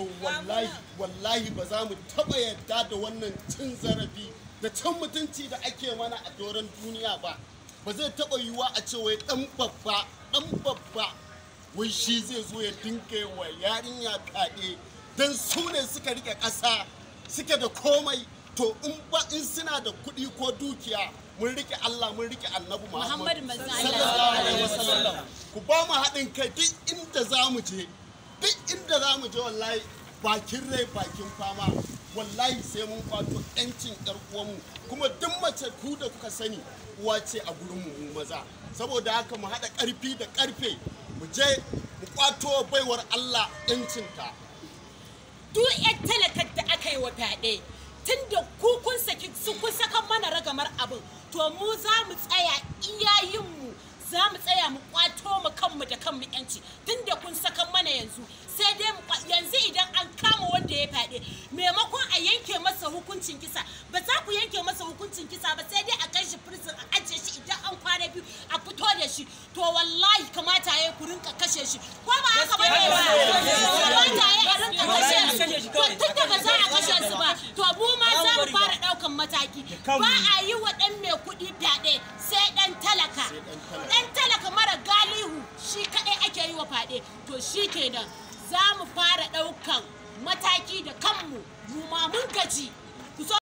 to wallahi wallahi ba za mu taba yadda da wannan cin zarafi da cin mutunci da ake mana a doron duniya ba ba zai taɓa yiwuwa a ce wai ɗan babba ɗan babba wai shi zai zo ya dinka wa yarinya kaɗe dan su ne suka rike ƙasa suke da komai to in ba in suna da kuɗi ko dukiya mun rike Allah mun rike Annabi Muhammad sallallahu alaihi wasallam ku ba mu haɗin kai duk inda za mu je duk inda mu je wallahi bakin rai bakin fama wallahi sai mun kwato yancin yar uwanmu kuma duk mace ku da kuka sani uwa ce a gurin mu maza saboda haka mu haɗa ƙarfi da ƙarfe mu je mu kwato baiwar Allah 'yancin ta. duk yar talakar da aka yi wa fyaɗe tun da ku kun saki su kun saka mana ragamar abin to mu za mu tsaya iyayenmu za mu tsaya mu kwato mu kanmu da kanmu yanci tun da kun saka mana yanzu sai ya faɗi maimakon a yanke masa hukuncin kisa ba za ku yanke masa hukuncin kisa ba sai dai a kai shi prison a ajiye shi idan an kwana biyu a fito da shi to wallahi kamata ya ku rinka kashe shi ko ba haka ba ne ba kamata ya rinka kashe shi to tun da ba za a kashe su ba to mu ma za mu fara ɗaukan mataki ba a yi wa ɗan mai kuɗi fyaɗe sai ɗan talaka ɗan talaka mara galihu shi kaɗai ake yi wa fyaɗe to shi kenan za mu fara ɗaukan mataki da kanmu mu ma mun gaji